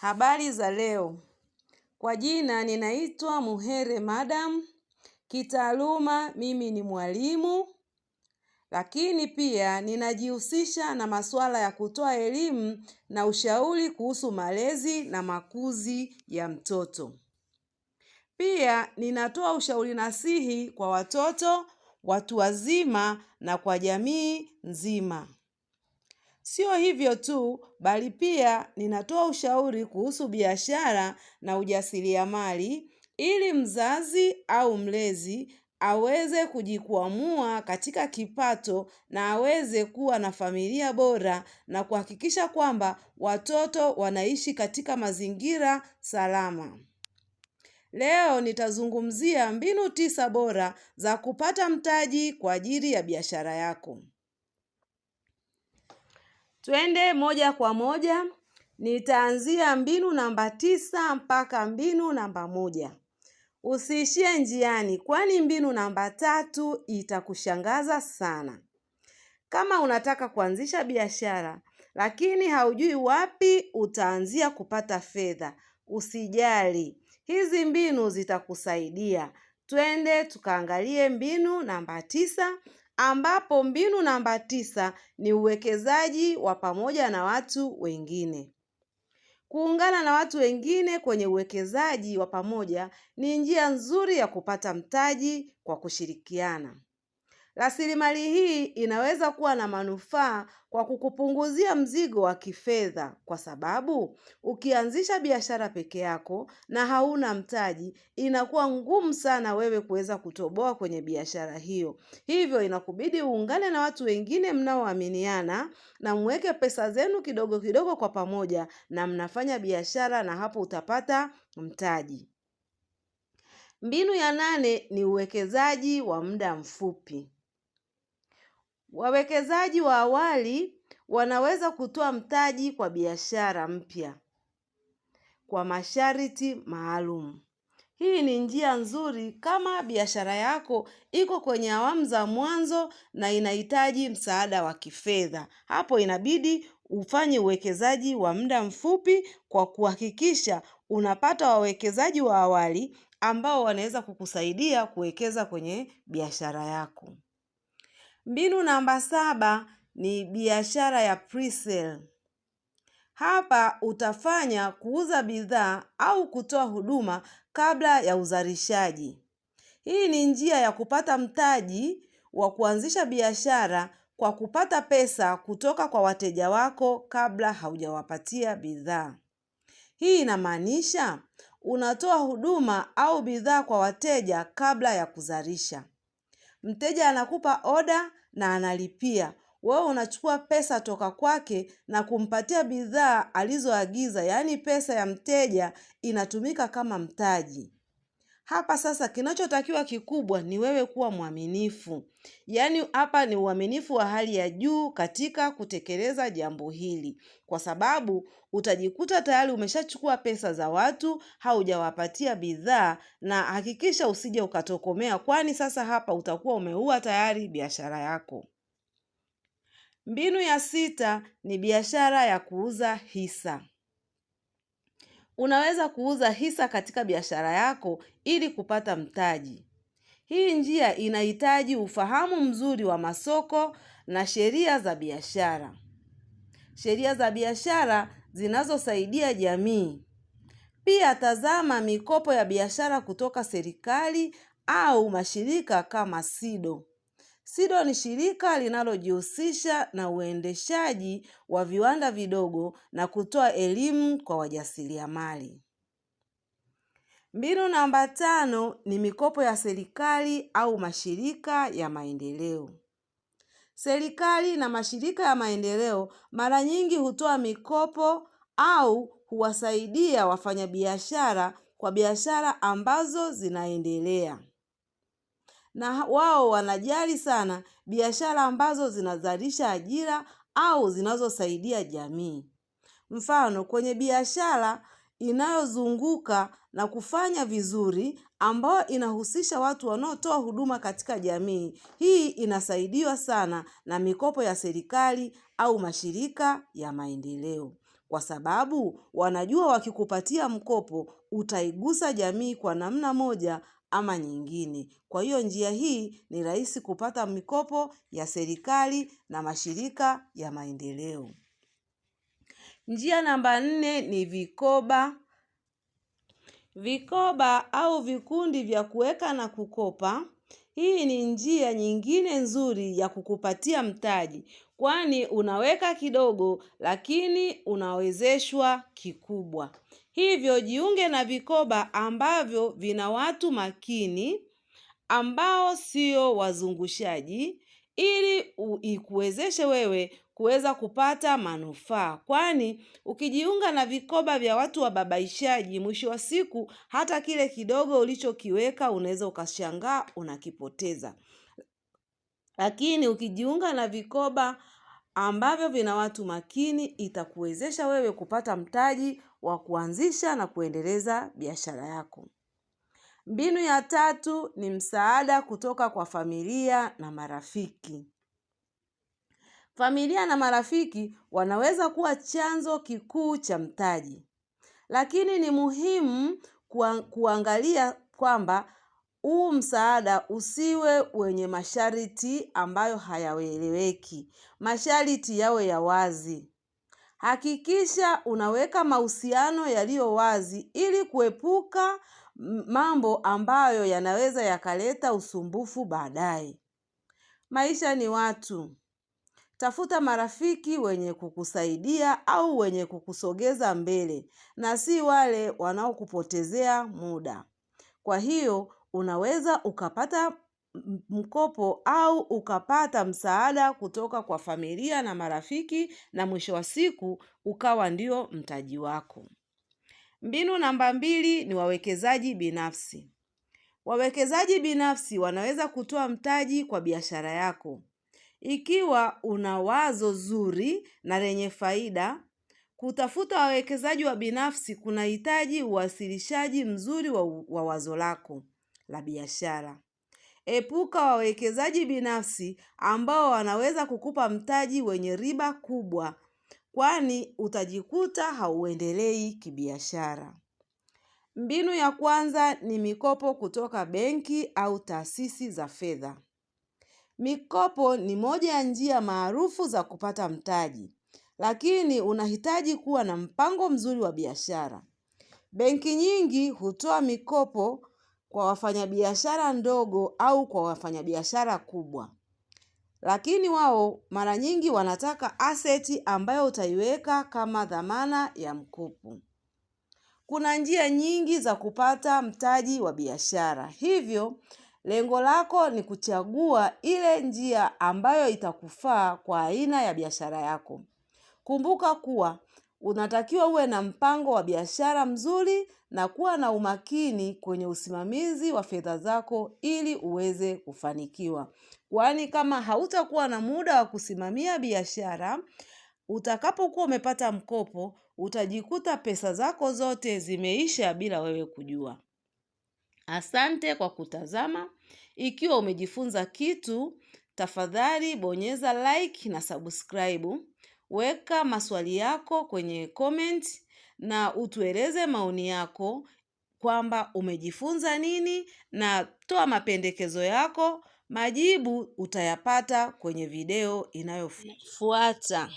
Habari za leo. Kwa jina ninaitwa Muhere Madam. Kitaaluma mimi ni mwalimu, lakini pia ninajihusisha na masuala ya kutoa elimu na ushauri kuhusu malezi na makuzi ya mtoto. Pia ninatoa ushauri nasihi kwa watoto, watu wazima na kwa jamii nzima. Sio hivyo tu, bali pia ninatoa ushauri kuhusu biashara na ujasiriamali ili mzazi au mlezi aweze kujikwamua katika kipato na aweze kuwa na familia bora na kuhakikisha kwamba watoto wanaishi katika mazingira salama. Leo nitazungumzia mbinu tisa bora za kupata mtaji kwa ajili ya biashara yako. Twende moja kwa moja, nitaanzia mbinu namba tisa mpaka mbinu namba moja. Usiishie njiani, kwani mbinu namba tatu itakushangaza sana. Kama unataka kuanzisha biashara lakini haujui wapi utaanzia kupata fedha, usijali, hizi mbinu zitakusaidia. Twende tukaangalie mbinu namba tisa ambapo mbinu namba tisa ni uwekezaji wa pamoja na watu wengine. Kuungana na watu wengine kwenye uwekezaji wa pamoja ni njia nzuri ya kupata mtaji kwa kushirikiana. Rasilimali hii inaweza kuwa na manufaa kwa kukupunguzia mzigo wa kifedha, kwa sababu ukianzisha biashara peke yako na hauna mtaji, inakuwa ngumu sana wewe kuweza kutoboa kwenye biashara hiyo. Hivyo inakubidi uungane na watu wengine mnaoaminiana na mweke pesa zenu kidogo kidogo kwa pamoja, na mnafanya biashara, na hapo utapata mtaji. Mbinu ya nane ni uwekezaji wa muda mfupi. Wawekezaji wa awali wanaweza kutoa mtaji kwa biashara mpya kwa masharti maalum. Hii ni njia nzuri kama biashara yako iko kwenye awamu za mwanzo na inahitaji msaada wa kifedha. Hapo inabidi ufanye uwekezaji wa muda mfupi kwa kuhakikisha unapata wawekezaji wa awali ambao wanaweza kukusaidia kuwekeza kwenye biashara yako. Mbinu namba saba ni biashara ya pre-sale. Hapa utafanya kuuza bidhaa au kutoa huduma kabla ya uzalishaji. Hii ni njia ya kupata mtaji wa kuanzisha biashara kwa kupata pesa kutoka kwa wateja wako kabla haujawapatia bidhaa. Hii inamaanisha unatoa huduma au bidhaa kwa wateja kabla ya kuzalisha. Mteja anakupa oda na analipia, wewe unachukua pesa toka kwake na kumpatia bidhaa alizoagiza, yaani pesa ya mteja inatumika kama mtaji. Hapa sasa kinachotakiwa kikubwa ni wewe kuwa mwaminifu, yaani hapa ni uaminifu wa hali ya juu katika kutekeleza jambo hili, kwa sababu utajikuta tayari umeshachukua pesa za watu, haujawapatia bidhaa, na hakikisha usije ukatokomea, kwani sasa hapa utakuwa umeua tayari biashara yako. Mbinu ya sita ni biashara ya kuuza hisa unaweza kuuza hisa katika biashara yako ili kupata mtaji. Hii njia inahitaji ufahamu mzuri wa masoko na sheria za biashara, sheria za biashara zinazosaidia jamii. Pia tazama mikopo ya biashara kutoka serikali au mashirika kama SIDO. SIDO ni shirika linalojihusisha na uendeshaji wa viwanda vidogo na kutoa elimu kwa wajasiriamali. Mbinu namba tano ni mikopo ya serikali au mashirika ya maendeleo. Serikali na mashirika ya maendeleo mara nyingi hutoa mikopo au huwasaidia wafanyabiashara kwa biashara ambazo zinaendelea na wao wanajali sana biashara ambazo zinazalisha ajira au zinazosaidia jamii. Mfano, kwenye biashara inayozunguka na kufanya vizuri ambayo inahusisha watu wanaotoa huduma katika jamii. Hii inasaidiwa sana na mikopo ya serikali au mashirika ya maendeleo. Kwa sababu wanajua wakikupatia mkopo utaigusa jamii kwa namna moja ama nyingine. Kwa hiyo njia hii ni rahisi kupata mikopo ya serikali na mashirika ya maendeleo. Njia namba nne ni vikoba. Vikoba au vikundi vya kuweka na kukopa. Hii ni njia nyingine nzuri ya kukupatia mtaji. Kwani unaweka kidogo lakini unawezeshwa kikubwa. Hivyo jiunge na vikoba ambavyo vina watu makini ambao sio wazungushaji ili ikuwezeshe wewe kuweza kupata manufaa, kwani ukijiunga na vikoba vya watu wababaishaji, mwisho wa siku hata kile kidogo ulichokiweka unaweza ukashangaa unakipoteza. Lakini ukijiunga na vikoba ambavyo vina watu makini, itakuwezesha wewe kupata mtaji wa kuanzisha na kuendeleza biashara yako. Mbinu ya tatu ni msaada kutoka kwa familia na marafiki. Familia na marafiki wanaweza kuwa chanzo kikuu cha mtaji, lakini ni muhimu kuangalia kwamba huu msaada usiwe wenye masharti ambayo hayaeleweki. Masharti yawe ya wazi. Hakikisha unaweka mahusiano yaliyo wazi ili kuepuka mambo ambayo yanaweza yakaleta usumbufu baadaye. Maisha ni watu. Tafuta marafiki wenye kukusaidia au wenye kukusogeza mbele na si wale wanaokupotezea muda. Kwa hiyo, unaweza ukapata mkopo au ukapata msaada kutoka kwa familia na marafiki na mwisho wa siku ukawa ndio mtaji wako. Mbinu namba mbili ni wawekezaji binafsi. Wawekezaji binafsi wanaweza kutoa mtaji kwa biashara yako. Ikiwa una wazo zuri na lenye faida, kutafuta wawekezaji wa binafsi kunahitaji uwasilishaji mzuri wa, wa wazo lako la biashara. Epuka wawekezaji binafsi ambao wanaweza kukupa mtaji wenye riba kubwa, kwani utajikuta hauendelei kibiashara. Mbinu ya kwanza ni mikopo kutoka benki au taasisi za fedha. Mikopo ni moja ya njia maarufu za kupata mtaji, lakini unahitaji kuwa na mpango mzuri wa biashara. Benki nyingi hutoa mikopo kwa wafanyabiashara ndogo au kwa wafanyabiashara kubwa, lakini wao mara nyingi wanataka aseti ambayo utaiweka kama dhamana ya mkopo. Kuna njia nyingi za kupata mtaji wa biashara, hivyo lengo lako ni kuchagua ile njia ambayo itakufaa kwa aina ya biashara yako. Kumbuka kuwa unatakiwa uwe na mpango wa biashara mzuri na kuwa na umakini kwenye usimamizi wa fedha zako ili uweze kufanikiwa, kwani kama hautakuwa na muda wa kusimamia biashara, utakapokuwa umepata mkopo utajikuta pesa zako zote zimeisha bila wewe kujua. Asante kwa kutazama. Ikiwa umejifunza kitu, tafadhali bonyeza like na subscribe. Weka maswali yako kwenye comment na utueleze maoni yako kwamba umejifunza nini na toa mapendekezo yako. Majibu utayapata kwenye video inayofuata.